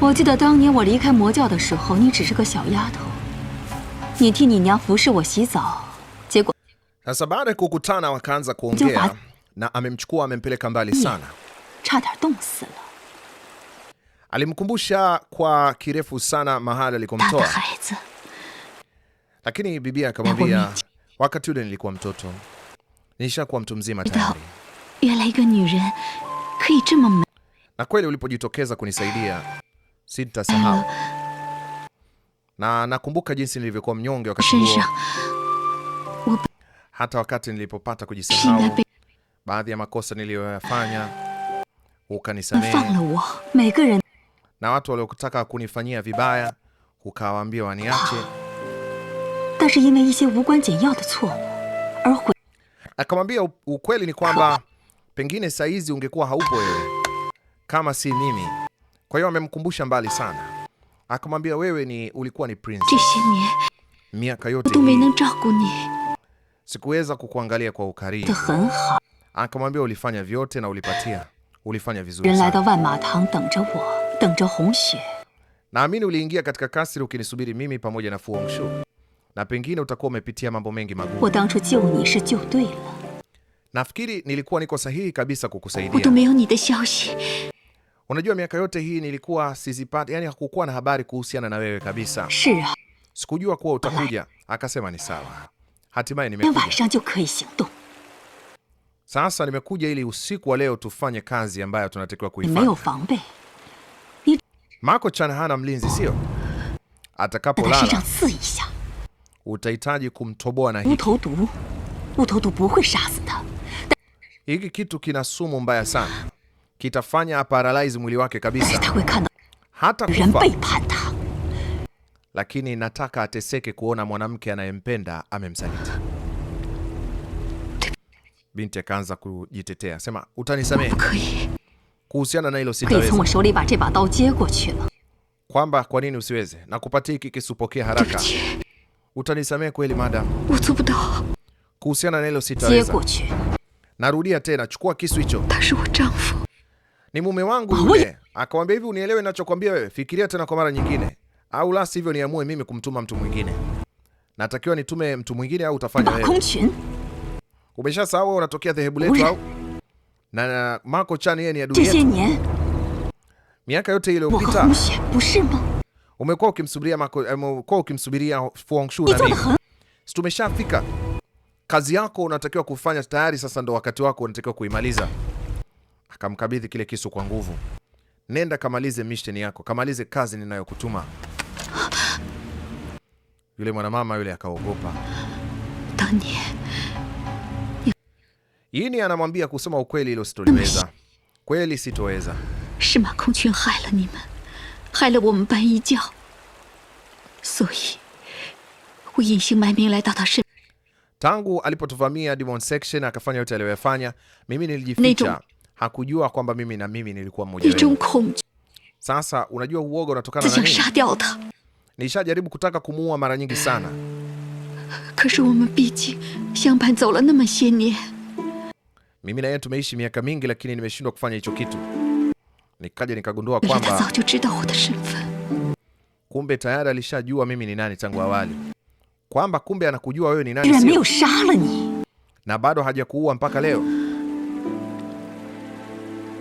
我记得当年我离开魔教的时候，你只是个小丫头，你替你娘服侍我洗澡，结果……” Sasa baada ya kukutana wakaanza kuongea na amemchukua amempeleka mbali sana alimkumbusha kwa kirefu sana mahali alikomtoa, lakini bibia akamwambia, wakati ule nilikuwa mtoto, nishakuwa mtu mzima tayari na kweli ulipojitokeza kunisaidia sitasahau. Na nakumbuka jinsi nilivyokuwa mnyonge wakati huo. Hata wakati nilipopata kujisahau baadhi ya makosa niliyoyafanya, ukanisamehe. Na watu waliotaka kunifanyia vibaya ukawaambia waniache. Akamwambia ukweli ni kwamba pengine saizi ungekuwa haupo wewe kama si mimi. Kwa hiyo amemkumbusha mbali sana, akamwambia wewe ni ulikuwa ni prince miaka yote sikuweza kukuangalia kwa ukaribu. Akamwambia ulifanya vyote na ulipatia, ulifanya vizuri sana. Naamini uliingia katika kasri ukinisubiri mimi pamoja na Fu Hongxue, na pengine utakuwa umepitia mambo mengi magumu. Nafikiri nilikuwa niko sahihi kabisa kukusaidia. Unajua, miaka yote hii nilikuwa sizipati, yani hakukuwa na habari kuhusiana na wewe kabisa, sikujua kuwa utakuja. Akasema ni sawa, hatimaye nimekuja. Sasa nimekuja ili usiku wa leo tufanye kazi ambayo tunatakiwa kuifanya. Mako Chan hana mlinzi, sio? Atakapolala utahitaji kumtoboa na hiki. Hiki kitu kina sumu mbaya sana kitafanya aparalyze mwili wake kabisa hata kufa. Lakini nataka ateseke kuona mwanamke anayempenda amemsaliti. Binti akaanza kujitetea, sema utanisamehe kuhusiana na hilo sitaweza. Kwamba kwa nini usiweze? Nakupatia hiki kisupokea haraka. Utanisamehe kweli madam? Kuhusiana na hilo sitaweza. Narudia tena, chukua kisu hicho ni mume wangu yule. Akamwambia hivi, unielewe ninachokwambia wewe, fikiria tena kwa mara nyingine, au la sivyo niamue mimi kumtuma mtu mwingine. Natakiwa nitume mtu mwingine au utafanya wewe? Umeshasahau unatokea dhehebu letu au? Na Mako Chan yeye ni adui yetu. Eh! Miaka yote ile iliyopita umekuwa ukimsubiria Mako, eh, umekuwa ukimsubiria Fu Hongxue na mimi. Tumeshafika. Kazi yako unatakiwa kufanya tayari, sasa ndo wakati wako unatakiwa kuimaliza akamkabidhi kile kisu kwa nguvu. Nenda kamalize mission yako, kamalize kazi ninayokutuma. Yule mwanamama yule akaogopa. Yini anamwambia kusema ukweli, ilo sitoliweza, kweli sitoweza. Tangu alipotuvamia Demon Section akafanya yote aliyoyafanya, mimi nilijificha hakujua kwamba mimi na mimi nilikuwa mmoja wenu. Sasa unajua uoga unatokana na nini? Nishajaribu kutaka kumuua mara nyingi sana. Mimi na yeye tumeishi miaka mingi, lakini nimeshindwa kufanya hicho kitu. Nikaja nikagundua kwamba kumbe tayari alishajua mimi ni nani tangu awali, kwamba kumbe anakujua wewe ni nani, na bado hajakuua mpaka leo.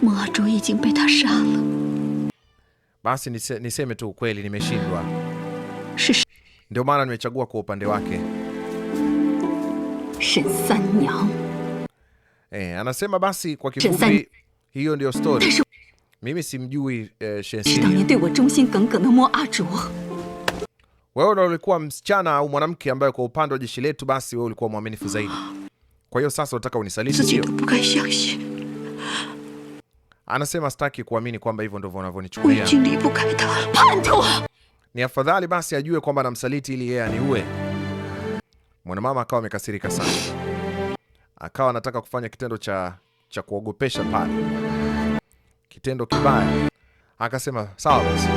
魔主已经被他杀了。Basi nise, niseme tu ukweli, nimeshindwa, ndio maana nimechagua kwa upande wake. Eh, anasema basi kwa kifupi hiyo ndio story. Mimi simjui eh, Shen Xin. Wewe ndo ulikuwa msichana au mwanamke ambaye kwa upande wa jeshi letu basi wewe ulikuwa mwaminifu zaidi. Kwa hiyo sasa unataka unisalimu Anasema sitaki kuamini kwamba hivyo ndivyo wanavyonichukulia. Ni afadhali basi ajue kwamba namsaliti ili yeye aniue. Mwanamama akawa amekasirika sana, akawa anataka kufanya kitendo cha, cha kuogopesha pale, kitendo kibaya. Akasema sawa basi,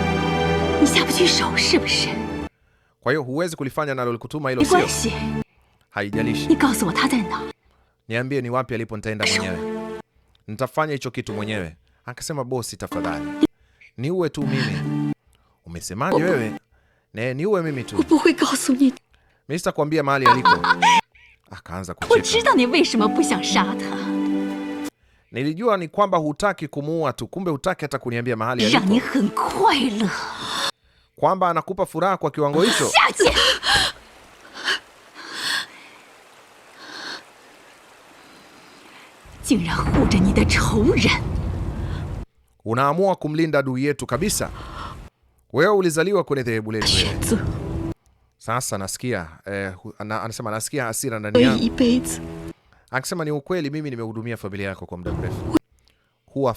kwa hiyo huwezi kulifanya nalolikutuma hilo, sio haijalishi, niambie ni wapi alipo, nitaenda mwenyewe nitafanya hicho kitu mwenyewe. Akasema, bosi, tafadhali niue tu mimi. Umesemaje wewe? Ne, niue mimi tu, mimi sitakwambia mahali aliko. Akaanza kucheka. Nilijua ni kwamba hutaki kumuua tu, kumbe hutaki hata kuniambia mahali aliko, kwamba anakupa furaha kwa kiwango hicho 竟然护着你的仇人。Unaamua kumlinda adui yetu kabisa. Wewe ulizaliwa kwenye dhehebu letu. Eh. Sasa nasikia eh, na, anasema nasikia hasira ndani yangu. Akisema ni ukweli, mimi nimehudumia familia yako kwa muda mrefu. Huwa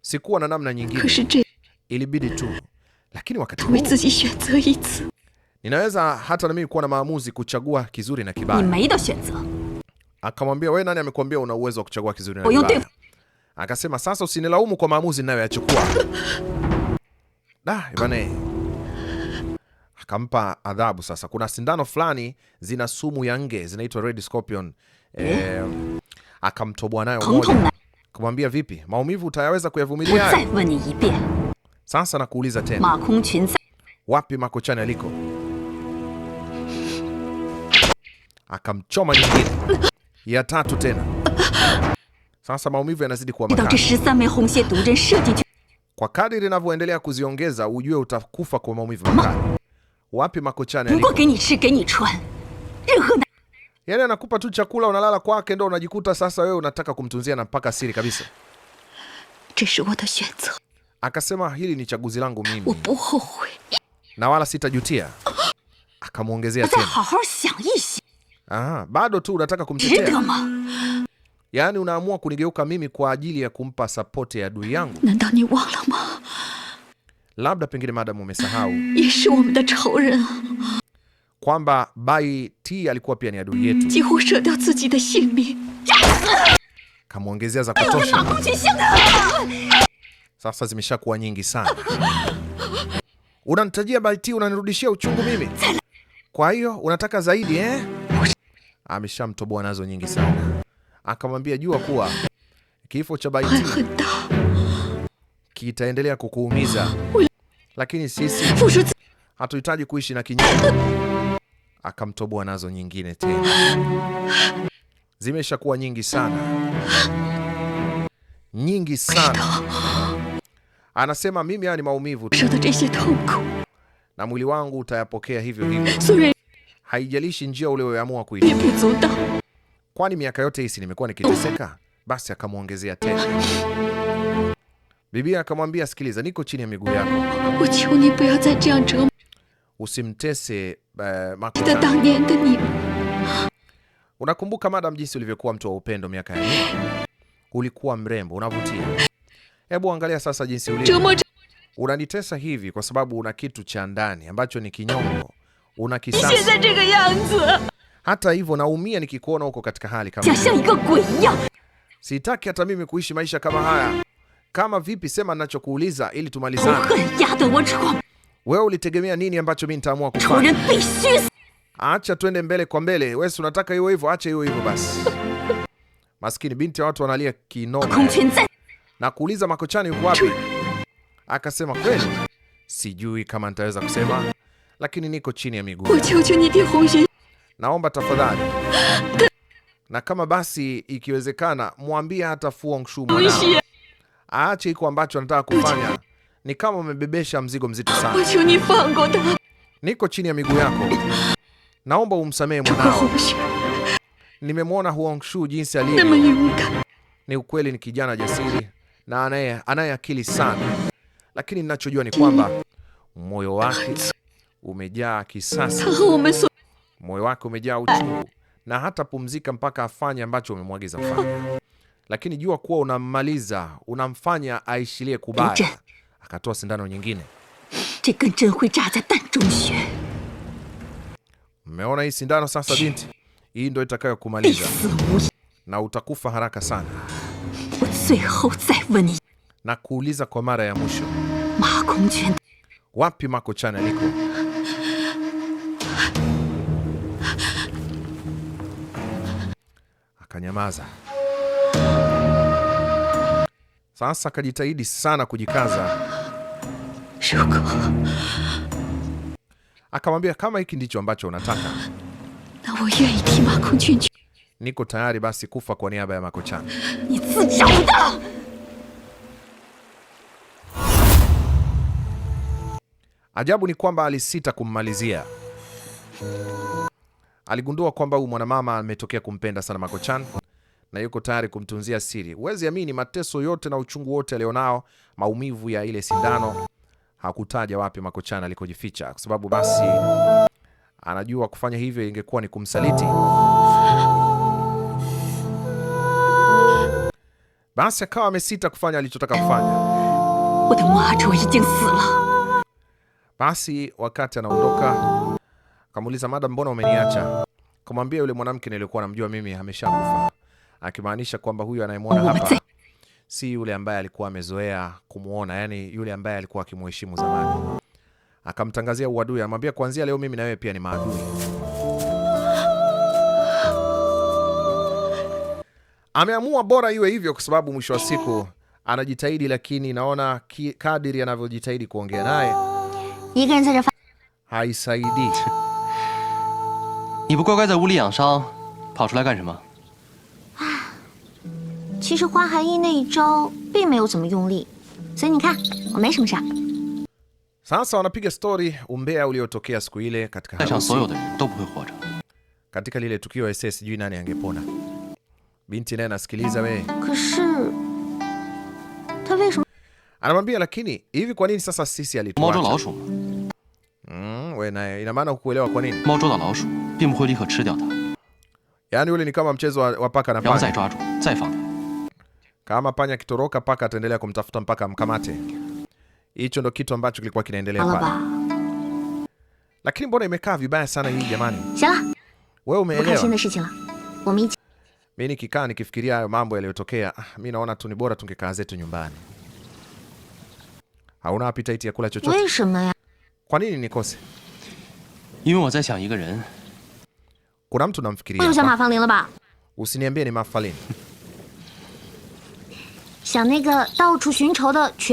Sikuwa na namna nyingine. Ilibidi tu. Lakini wakati huu ninaweza hata na mimi kuwa na maamuzi kuchagua kizuri na kibaya. Akamwambia wewe, nani amekuambia una uwezo wa kuchagua kizuri na kibaya? Akasema sasa usinilaumu kwa maamuzi ninayoyachukua. Da, ibane. Akampa adhabu sasa. Kuna sindano fulani zina sumu ya nge zinaitwa Red Scorpion. Hmm? Eh, akamtoboa nayo moja. Kumwambia vipi? Maumivu utayaweza kuyavumilia hayo? Sasa nakuuliza tena. Wapi Ma Kongqun aliko? Akamchoma nyingine ya tatu tena. Sasa maumivu yanazidi kuwa makali. Kwa kadiri linavyoendelea kuziongeza, ujue utakufa kwa maumivu makali. Wapi makochani aliko? Yaani anakupa tu chakula unalala kwake ndo unajikuta sasa wewe unataka kumtunzia na mpaka siri kabisa. Akasema hili ni chaguzi langu mimi. Na wala sitajutia. Akamwongezea tena. Aha, bado tu unataka kumtetea. Yaani unaamua kunigeuka mimi kwa ajili ya kumpa support ya adui yangu. Labda pengine madam umesahau kwamba Bai T alikuwa pia ni adui yetu. Kamuongezea za kutosha. Sasa zimeshakuwa nyingi sana. Unanitajia Bai T unanirudishia uchungu mimi. Kwa hiyo unataka zaidi eh? ameshamtoboa nazo nyingi sana. Akamwambia, jua kuwa kifo cha Baiti kitaendelea kukuumiza, lakini sisi hatuhitaji kuishi na kinyongo. Akamtoboa nazo nyingine tena, zimeshakuwa nyingi sana, nyingi sana. Anasema mimi haya ni maumivu tu na mwili wangu utayapokea hivyo hivyo haijalishi njia ulioamua kuitumia, kwani miaka yote hii nimekuwa nikiteseka. Basi akamwongezea tena. Bibia akamwambia, sikiliza, niko chini ya miguu yako, usimtese uh, unakumbuka madam, jinsi ulivyokuwa mtu wa upendo miaka ya nyuma. Ulikuwa mrembo, unavutia. Hebu angalia sasa jinsi ulivyo. Unanitesa hivi kwa sababu una kitu cha ndani ambacho ni kinyongo una kisasi. Hata hivyo naumia nikikuona huko katika hali kama hiyo. Sitaki hata mimi kuishi maisha kama haya. Kama vipi? Sema ninachokuuliza ili tumalizane. Wewe ulitegemea nini ambacho mimi nitaamua kufanya? Acha twende mbele kwa mbele. Wewe unataka hiyo hivyo, acha hiyo hivyo basi. Maskini binti ya watu wanalia kinoma. Na kuuliza makochani yuko wapi? Akasema kweli, sijui kama nitaweza kusema lakini niko chini ya miguu. Naomba tafadhali, na kama basi ikiwezekana, mwambie hata Fu Hongxue mwanao aache iko ambacho anataka kufanya. Ni kama umebebesha mzigo mzito sana. Niko chini ya miguu yako, naomba umsamehe mwanao. Nimemwona Fu Hongxue jinsi alivyo, ni ukweli, ni kijana jasiri na anaye akili sana, lakini ninachojua ni kwamba moyo wake umejaa kisasi, moyo wake umejaa uchungu, na hata pumzika mpaka afanye ambacho umemwagiza fanya, lakini jua kuwa unammaliza, unamfanya aishilie kubaya. Akatoa sindano nyingine. Mmeona hii sindano sasa, binti? Hii ndo itakayokumaliza na utakufa haraka sana. Na kuuliza kwa mara ya mwisho, wapi Mako Chan aliko? akanyamaza. Sasa akajitahidi sana kujikaza, akamwambia kama hiki ndicho ambacho unataka, niko tayari basi kufa kwa niaba ya makocha Ajabu ni kwamba alisita kummalizia. Aligundua kwamba huyu mwanamama ametokea kumpenda sana Makochan na yuko tayari kumtunzia siri. Huwezi amini mateso yote na uchungu wote alionao, maumivu ya ile sindano. Hakutaja wapi Makochan alikojificha, kwa sababu basi anajua kufanya hivyo ingekuwa ni kumsaliti. Basi akawa amesita kufanya alichotaka kufanya. Basi wakati anaondoka Kamuuliza, madam, mbona umeniacha? Kamwambia yule mwanamke nilikuwa namjua mimi ameshakufa, akimaanisha kwamba huyu anayemwona hapa si yule ambaye alikuwa amezoea kumwona, yani yule ambaye alikuwa akimheshimu zamani. Akamtangazia uadui, amwambia kuanzia leo mimi na wewe pia ni maadui. Ameamua bora iwe hivyo, kwa sababu mwisho wa siku anajitahidi, lakini naona kadiri anavyojitahidi kuongea naye haisaidii. 你不乖乖在屋里养伤，跑出来干什么？啊，其实花寒意那一招并没有怎么用力，所以你看我没什么事儿。在场所有的人都不会活着。可是，他为什么？猫捉老鼠嗯，我那……你那马那会聊啊？猫捉老鼠。并不会立刻吃掉它。Yani ule ni kama mchezo wa paka na panya. Kama panya akitoroka, paka ataendelea kumtafuta mpaka amkamate. Hicho ndo kitu ambacho kilikuwa kinaendelea pale. Lakini mbona imekaa vibaya sana hii jamani? Wewe umeelewa? Mimi nikikaa nikifikiria hayo mambo yaliyotokea, mimi ah, naona tu ni bora tungekaa zetu nyumbani. Hauna appetite ya kula chochote? Kwa nini nikose? Kuna mtu namfikiria. Wewe unasema mafalin Usiniambie ni Ma Fangling.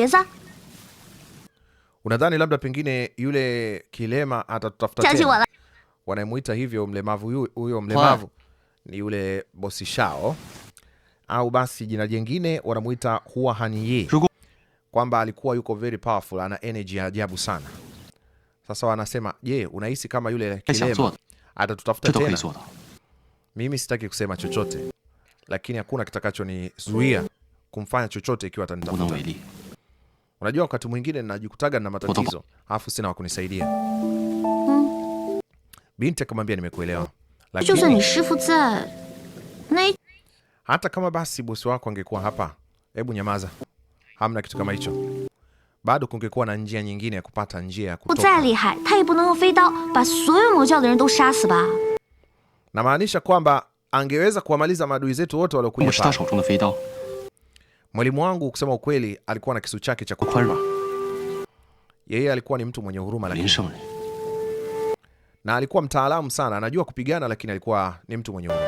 Unadhani labda pengine yule kilema atatutafuta tena? Wanamuita hivyo mlemavu huyo mlemavu ni yule bosi Shao au basi jina jingine wanamuita Hua Hanyi, kwamba alikuwa yuko very powerful, ana energy ya ajabu sana. Sasa wanasema, je, unahisi kama yule kilema atatutafuta tena. Mimi sitaki kusema chochote, lakini hakuna kitakachonizuia kumfanya chochote ikiwa atanitafuta. Unajua, wakati mwingine najikutaga na matatizo alafu sina wa kunisaidia. Binti akamwambia nimekuelewa, lakini hata kama basi bosi wako angekuwa hapa, hebu nyamaza, hamna kitu kama hicho bado kungekuwa na njia nyingine ya kupata njia ya kutoka. Namaanisha kwamba angeweza kuwamaliza maadui zetu wote waliokuja pale. Mwalimu wangu kusema ukweli alikuwa na kisu chake cha kutoa. Yeye alikuwa ni mtu mwenye huruma lakini na alikuwa mtaalamu sana, anajua kupigana lakini alikuwa ni mtu mwenye huruma.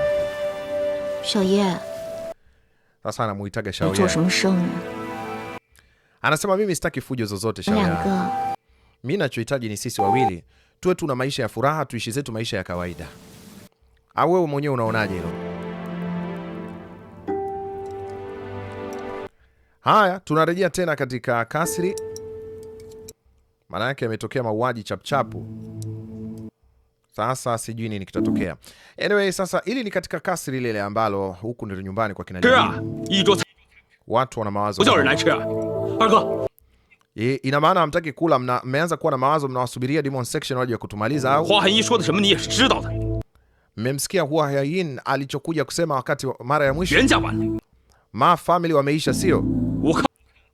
Sasa anamuitaga Shaoye. Anasema mimi sitaki fujo zozote Shayla. Mimi nachohitaji ni sisi wawili tuwe tuna maisha ya furaha, tuishi zetu maisha ya kawaida. Au wewe mwenyewe unaonaje hilo? Haya, tunarejea tena katika kasri. Maana yake ametokea mauaji chapchapu. Sasa sijui nini kitatokea. Anyway, sasa hili ni katika kasri lile ambalo huku ndio nyumbani kwa kina. Watu wana mawazo. Ina maana hamtaki kula, mmeanza kuwa na mawazo, mnawasubiria Demon Section waje kutumaliza au? Mmemsikia Hua Haiyin alichokuja kusema wakati mara ya mwisho. Ma family wameisha, sio?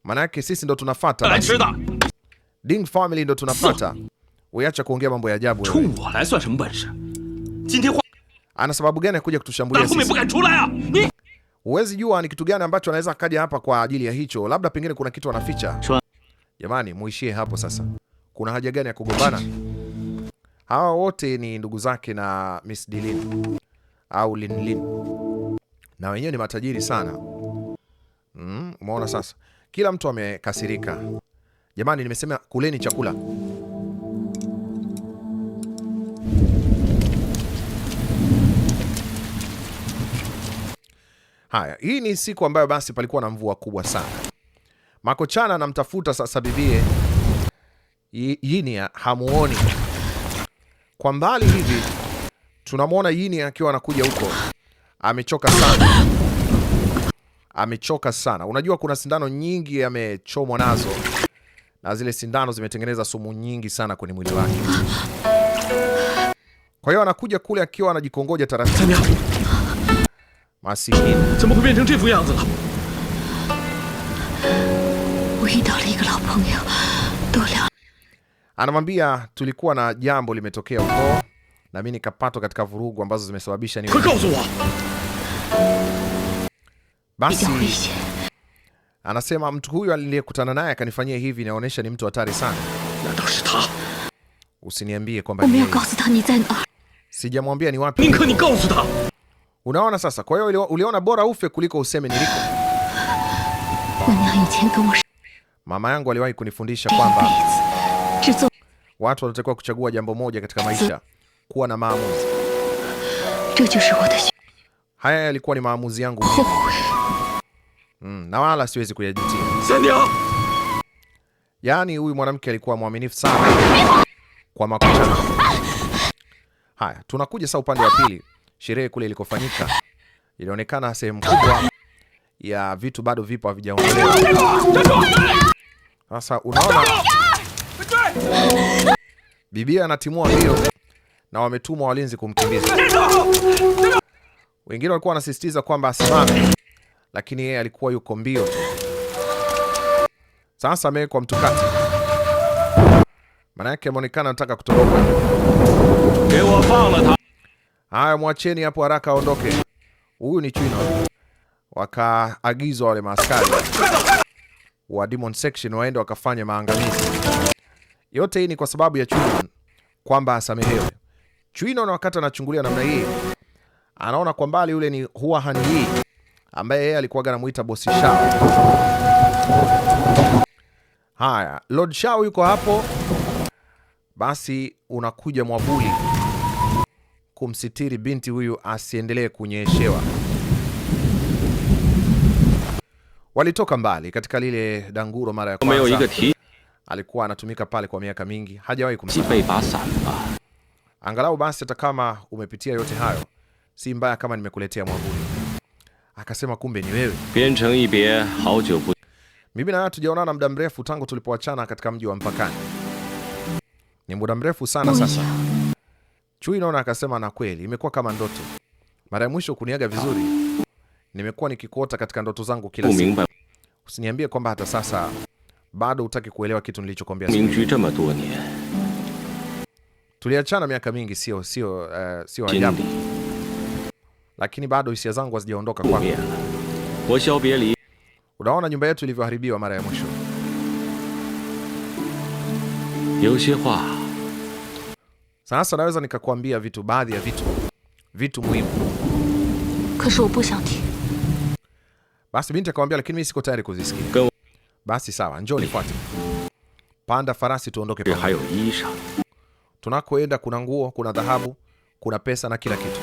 Maana yake sisi ndo tunafuata. Yaani Ding family ndo tunafuata. Uache kuongea mambo ya ajabu wewe. Ana sababu gani kuja kutushambulia sisi? Huwezi jua ni kitu gani ambacho anaweza akaja hapa kwa ajili ya hicho, labda pengine kuna kitu anaficha. Jamani, muishie hapo sasa. Kuna haja gani ya kugombana? Hawa wote ni ndugu zake na Miss Dilin au Linlin, na wenyewe ni matajiri sana. Mm, umeona sasa, kila mtu amekasirika. Jamani, nimesema kuleni chakula. Haya, hii ni siku ambayo basi palikuwa na mvua kubwa sana. Makochana anamtafuta sasa bibie Yinia, hamuoni. Kwa mbali hivi tunamwona Yinia akiwa anakuja huko, amechoka sana, amechoka sana. Unajua kuna sindano nyingi amechomwa nazo, na zile sindano zimetengeneza sumu nyingi sana kwenye mwili wake. Kwa hiyo anakuja kule akiwa anajikongoja taratibu Masikini，怎么会变成这副样子了？Anamwambia tulikuwa na jambo limetokea huko na mi nikapatwa katika vurugu ambazo zimesababisha ni basi. Anasema mtu huyu aliyekutana naye akanifanyia hivi, inaonyesha ni mtu hatari sana. Usiniambie kwamba sijamwambia ni wapi. Unaona sasa, kwa hiyo uliona bora ufe kuliko useme niliko. Mama yangu aliwahi kunifundisha kwamba watu wanatakiwa kuchagua jambo moja katika maisha, kuwa na maamuzi. Haya yalikuwa ni maamuzi yangu mm, na wala siwezi kuyajutia. Yaani huyu mwanamke alikuwa mwaminifu sana kwa makosa. Haya, tunakuja sasa upande wa pili sherehe kule ilikofanyika ilionekana sehemu kubwa ya vitu bado vipo havijaondolewa. Sasa unaona bibia anatimua mbio na wametumwa walinzi kumkimbiza. Wengine walikuwa wanasisitiza kwamba asimame, lakini yeye alikuwa yuko mbio tu. Sasa amewekwa mtukati, maana yake ameonekana anataka kutoroka. Haya, mwacheni hapo haraka aondoke. Huyu ni China. Wakaagizwa wale maaskari wa Demon Section waende wakafanya maangamizi. Yote hii ni kwa sababu ya China kwamba asamehewe. China na wakati anachungulia namna hii, anaona kwa mbali yule ni Hua Han Yi ambaye yeye alikuwa anamuita bosi Shao. Haya, Lord Shao yuko hapo, basi unakuja mwabuli kumsitiri binti huyu asiendelee kunyeshewa. Walitoka mbali katika lile danguro mara ya kwanza. Alikuwa anatumika pale kwa miaka mingi, hajawahi kumsa. Angalau basi hata kama umepitia yote hayo, si mbaya kama nimekuletea mwanguni. Akasema kumbe ni wewe. Mimi na wewe muda mrefu tangu tulipoachana katika mji wa mpakani. Ni muda mrefu sana sasa. Chui naona akasema, na kweli imekuwa kama ndoto. Mara ya mwisho kuniaga vizuri, nimekuwa nikikuota katika ndoto zangu kila siku. Usiniambie kwamba hata sasa bado utaki kuelewa kitu nilichokwambia. Tuliachana miaka mingi, sio sio, uh, sio ajabu, lakini bado hisia zangu hazijaondoka kwako. Unaona nyumba yetu ilivyoharibiwa mara ya mwisho. Sasa naweza nikakuambia vitu, baadhi ya vitu vitu muhimu. Basi binti akamwambia, lakini mimi siko tayari kuzisikia. Basi sawa, njoo nifuate. Panda farasi tuondoke Tunakoenda kuna nguo, kuna dhahabu, kuna pesa na kila kitu.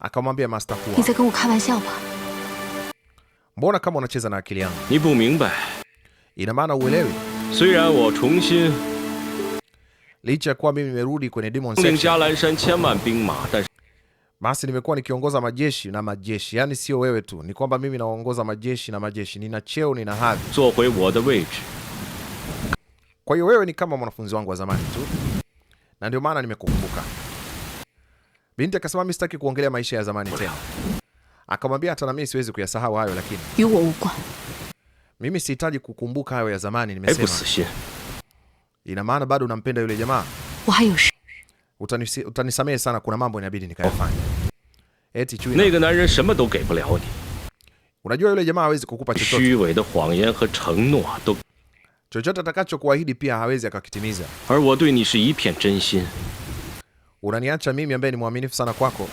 Akamwambia Master Fu, mbona kama unacheza na akili yangu? Ina maana uelewi? licha ya kuwa mimi nimerudi kwenye Demon Section, basi nimekuwa nikiongoza majeshi na majeshi. Yani sio wewe tu, ni kwamba mimi naongoza majeshi na majeshi, nina cheo, nina hadhi. Kwa hiyo wewe ni kama mwanafunzi wangu wa zamani tu, na ndio maana nimekukumbuka. Binti akasema mimi sitaki kuongelea maisha ya zamani tena. Akamwambia hata na mimi siwezi kuyasahau hayo, lakini mimi sihitaji kukumbuka hayo ya zamani, nimesema Ina maana bado unampenda yule jamaa. Utanisamehe utani sana, kuna mambo inabidi nikayafanye. Eti chui. Na yule nanen sheme do gei bu ni. Unajua yule jamaa hawezi kukupa chochote. Shuwei de huangyan he chengnuo do. Chochote atakachokuahidi pia hawezi akakitimiza. Ar wo dui ni shi yipian zhenxin. Unaniacha mimi ambaye ni mwaminifu sana kwako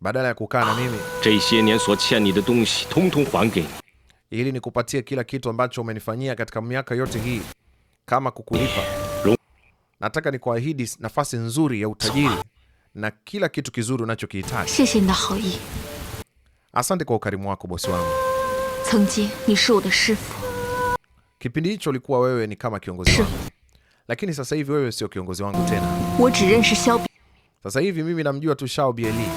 badala ya kukaa na mimi. Zhe xie nian suo qian ni de dongxi tong tong huang gei. Ili nikupatie kila kitu ambacho umenifanyia katika miaka yote hii kama kukulipa nataka ni kuahidi nafasi nzuri ya utajiri na kila kitu kizuri unachokihitaji. Asante kwa ukarimu wako bosi wangu. Kipindi hicho ulikuwa wewe ni kama kiongozi wangu, lakini sasa hivi wewe sio kiongozi wangu tena. Sasa hivi mimi namjua tu Shao Bieli,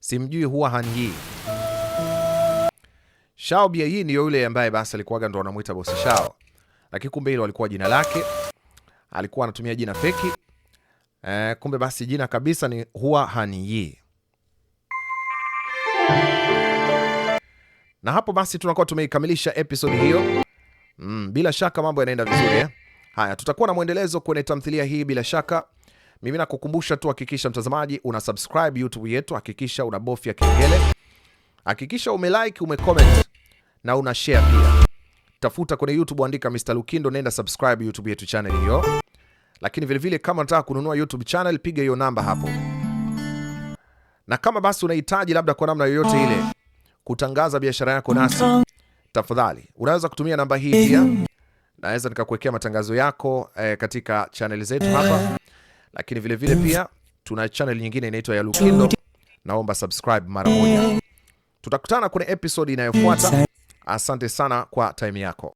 simjui Hua Hanyi. Shao Bieli ndiyo yule ambaye basi alikuwaga ndo anamwita bosi Shao, lakini kumbe hilo alikuwa jina lake alikuwa anatumia jina feki eh, kumbe basi jina kabisa ni Hua Hanyi. Na hapo basi tunakuwa tumeikamilisha episodi hiyo. Mm, bila shaka mambo yanaenda vizuri eh? Haya, tutakuwa na mwendelezo kwenye tamthilia hii bila shaka. Mimi nakukumbusha tu, hakikisha mtazamaji una subscribe YouTube yetu, hakikisha una kengele, hakikisha umelike, umecomment na una share pia tafuta kwenye YouTube, andika Mr. Lukindo, nenda subscribe YouTube yetu channel hiyo. Lakini vile vile kama unataka kununua YouTube channel, piga hiyo namba hapo. Na kama basi unahitaji labda kwa namna yoyote ile kutangaza biashara yako nasi, tafadhali unaweza kutumia namba hii pia. Naweza nikakuwekea matangazo yako eh, katika channel zetu hapa. Lakini vile vile pia tuna channel nyingine inaitwa ya Lukindo. Naomba subscribe mara moja. Tutakutana kwenye episode inayofuata. Asante sana kwa time yako.